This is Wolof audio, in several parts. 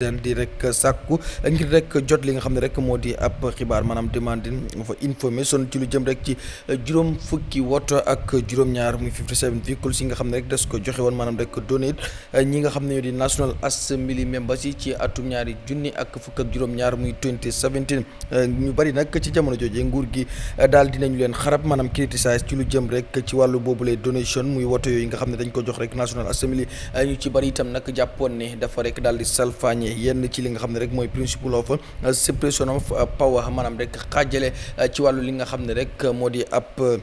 daal di rek sàkku ngir rek jot li nga xam ne rek moo di ab xibaar maanaam demande fa informé son ci lu jëm rek ci juróom fukki woto ak ñaar muy 57 véhicules yi nga xam ne rek des ko joxe woon maanaam rek donate ñi nga xam ne ñoo di National Assembly members yi ci atum ñaari junni ak fukk ak ñaar muy 2017 ñu bari nag ci jamono jooje nguur gi daal dinañu leen xarab maanaam criticise ci lu jëm rek ci wàllu boobule donation muy woto yooyu nga xam ne dañ ko jox rek National Assembly ne dafa rek daal di salfaañe yenn ci li nga xamne rek moy principal of uh, suppression of uh, power manam rek xaajale uh, ci walu li nga xamne rek modi di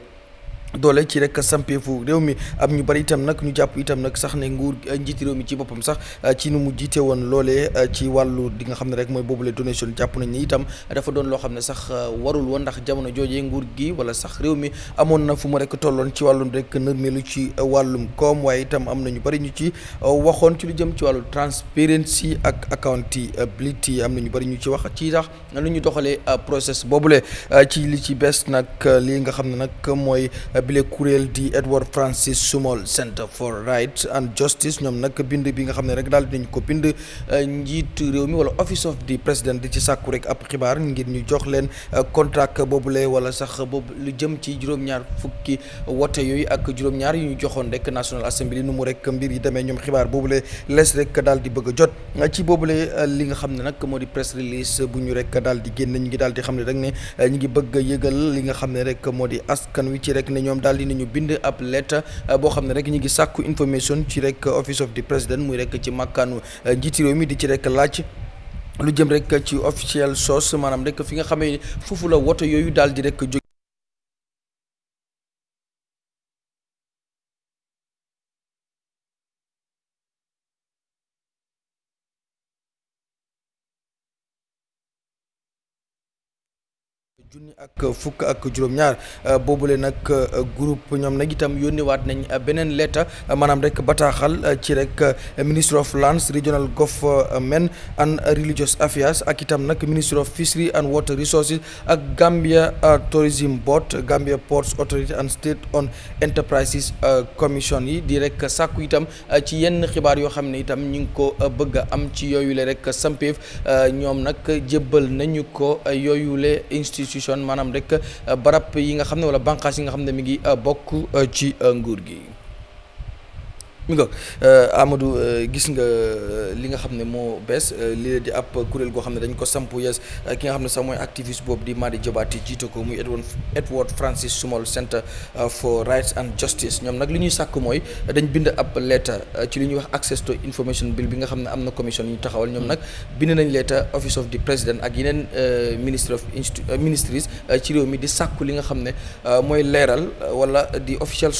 doole ci rek sampeefu réew mi am ñu bari itam nag ñu jàpp itam nag sax ne nguur eh, njiiti réew mi ci boppam sax eh, ci nu mu jiite woon loolee eh, ci wàllu di nga xam ne rek mooy boobu lee jàpp nañ ne itam dafa doon loo xam ne sax warul woon ndax jamono joojee nguur gi wala sax réew mi amoon na fu mu rek tolloon ci wàllum rek nërmeelu ci wàllum koom waaye itam am na ñu bari ñu ci waxoon ci lu jëm ci wàllu transparency ak accountability am na ñu bari ñu ci wax ci sax lu ñu doxalee process boobule ci li ci bees nag li nga xam ne nag mooy bile kuréel di Edward Francis Small Center for Rights and Justice ñoom nag bind bi nga xam ne rek daal dinañ ko bind euh, njiit réew mi wala office of the president di ci sàkku rek ab xibaar ngir ñu jox leen euh, contrat boobule wala sax boobu lu jëm ci juróom-ñaar fukki wote yooyu ak juróom-ñaar yu ñu joxoon rek National Assembly nu mu rek mbir yi demee ñoom xibaar boobule lees rek daal di bëgg a jot ci boobule euh, li nga xam ne nag moo di press release a yëgal ñoom daal di nañu bind ab lettre euh, boo xam ne rek ñu ngi sàkku information ci rek office of the president muy rek ci màkkaanu euh, njiiti réew mi di ci rek laaj. lu jëm rek ci officiel source maanaam rek fi nga xamee foofu la woto yooyu daal di jóg junni ak fukk ak juróom-ñaar euh, boobule nag euh, group ñoom nag itam waat nañ euh, beneen lettre maanaam rek bataaxal ci rek ministre of lands regional government and religious affairs ak itam nag ministre of fishery and water resources ak Gambia tourism board Gambia ports authority and state on enterprises commission yi di rek sàkku itam ci yenn xibaar yoo xam ne itam ñu ngi ko bëgg am ci yooyu le rek sampeef ñoom nag jébbal nañu ko yooyu opposition maanaam rek barab yi nga xam ne wala bànqaas yi nga xam ne mu ngi bokk ci nguur gi mi nga euh, euh, gis nga euh, li nga xam ne moo bees lii di ab kuréel goo xam ne dañ ko samp yees ki nga xam ne sax mooy activiste boobu di Madi Diabate jiite ko muy Edward Edward Francis Small Center for Rights and Justice ñoom nag li ñuy sàkk mooy dañ bind ab lettre ci li ñuy wax access to information bill bi nga xam ne am na commission yu ñu taxawal ñoom nag bind nañ lettre office of the president ak yeneen ministre of ministries ci réew mi di sàkku li nga xam ne mooy leeral wala di official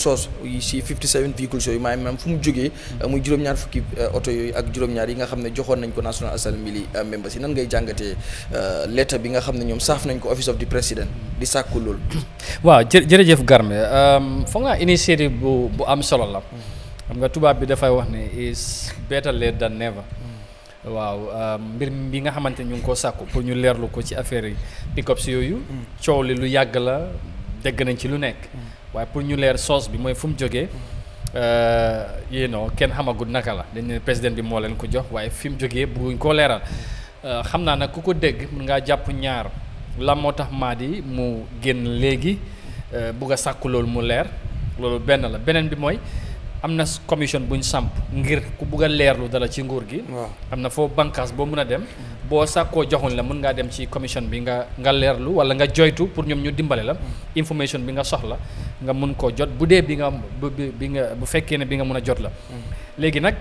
ñu joggé eh, muy juroom ñaar fukki auto eh, yoy ak juroom ñaar yi nga xamné ne nañ ko national assembly li eh, membres yi nan ngay jangaté lettre bi nga xamné ne saaf nañ ko office of the president di Wow, lool waaw jërëjëf Garme ehm, fo nga initiative bu bu am solo la xam nga tuba bi fay wax ne is better late than never Wow, ehm, mbir bi nga xamante ñu ko sakku pour ñu leerlu ko ci affaire yi pick up lu yàgg la dégg nañ ci lu nekk mm. waye pour ñu source bi moy fu mu joggé Eh, you know ken xamagul naka la dañ ne président bi mo len ko jox waye fim joge jógee bëgguñ koo leeral eh, xamna naa nag ku mën nga japp ñaar la motax Madi mu génn léegi eh, bugg a sakku lol mu leral lolou ben la benen bi am na commission bu ñu samp ngir ku bugg a leerlu dala ci nguur gi. am na foo bànqaas boo mun a dem. boo sàkkoo joxuñ la mën ngaa dem ci commission bi nga nga leerlu wala nga joytu pour ñoom ñu dimbale la. Mm. information bi nga soxla nga mun koo jot bu dee bi nga bi bi nga bu fekkee ne bi nga mun a jot la. Mm. léegi nag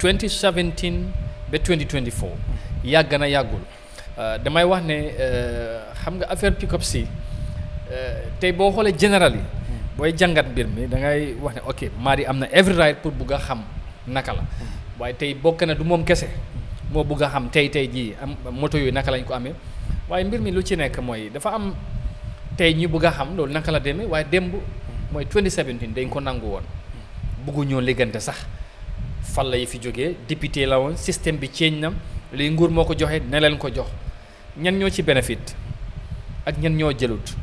2017 ba 2024. yàgg na yàggul. Euh, damay wax ne euh, xam nga affaire pick-up si euh, tey boo xoolee général yi. booy jàngat mbir mi da ngay wax ne ok Madi am na every right pour bugg a xam naka la waaye tey bokk na du moom kese moo bugg a xam tey tey jii am moto yooyu naka lañ ko amee waaye mbir mi lu ci nekk mooy dafa am tey ñi bugg a xam loolu naka la demee waaye démb mooy 2017 dañ ko nangu woon buggu ñoo liggante sax fan la yi fi jógee député la woon système bi ceeñ na li nguur moo ko joxee ne leen ko jox ñan ñoo ci bénéfice ak ñan ñoo jëlut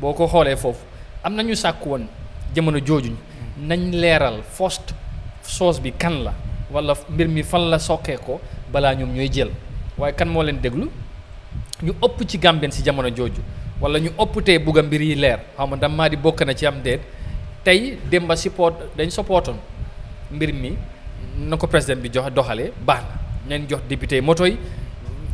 boo ko xoolee foofu. am nañu sàkk woon jamono joojuñ nañ leeral fost soos bi kan la wala mbir mi fan la sokkee ko balaa ñoom ñooy jël waaye kan moo leen déglu ñu ëpp ci Gambien si jamono jooju wala ñu ëpp tey bugg a mbir yi leer xaw ma dama di bokk na ci am déet tey Demba support dañ supportoon mbir mi na ko président bi jox doxalee baax na leen jox député moto yi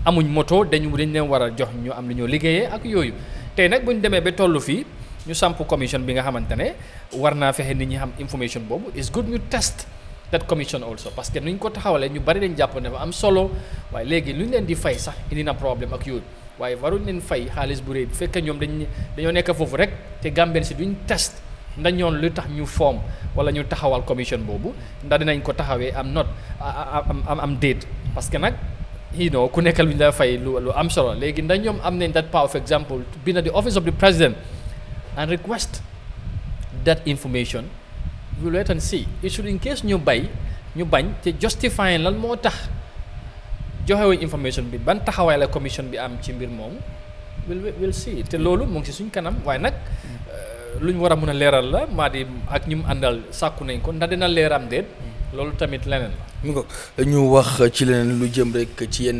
amuñ moto dañu dañ leen war jox ñu am li ñoo liggéeyee ak yooyu tey nag bu demee ba tollu fii. ñu samp commission bi nga xamante ne war naa fexe nit ñi am information boobu is good ñu test that commission also parce que ni ñu ko taxawalee ñu bari dañ jàpp ne fa am solo waaye léegi lu ñu leen di fay sax indi na problème ak yooyu waaye waruñ leen fay xaalis bu rëy bu fekkee ñoom dañ dañoo nekk foofu rek te Gambien si ñu test ndax ñoon lu tax ñu form wala ñu taxawal commission boobu ndax dinañ ko taxawee am not am am am déet parce que nag. you know ku nekkal lu ñu fay lu lu am solo léegi ndax ñoom am nañ that power for example bi na the and request that information we wait and see it should in case ñu bay ñu bañ te justifying lan mo tax wu information bi ban taxaway la commission bi am ci mbir mom will will see te lolu mo ngi si suñ kanam way nak euh, luñ wara mëna léral la ma di ak ñum andal sakku nañ ko ndax léram deet mm. lolu tamit leneen la. ñu wax ci leneen lu jëm rek ci yenn